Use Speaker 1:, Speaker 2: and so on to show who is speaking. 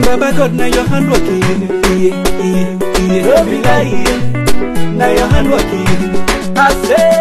Speaker 1: Baba God, now your hand working. Yeah, yeah, yeah. Don't be lying. Now your hand working. I
Speaker 2: say.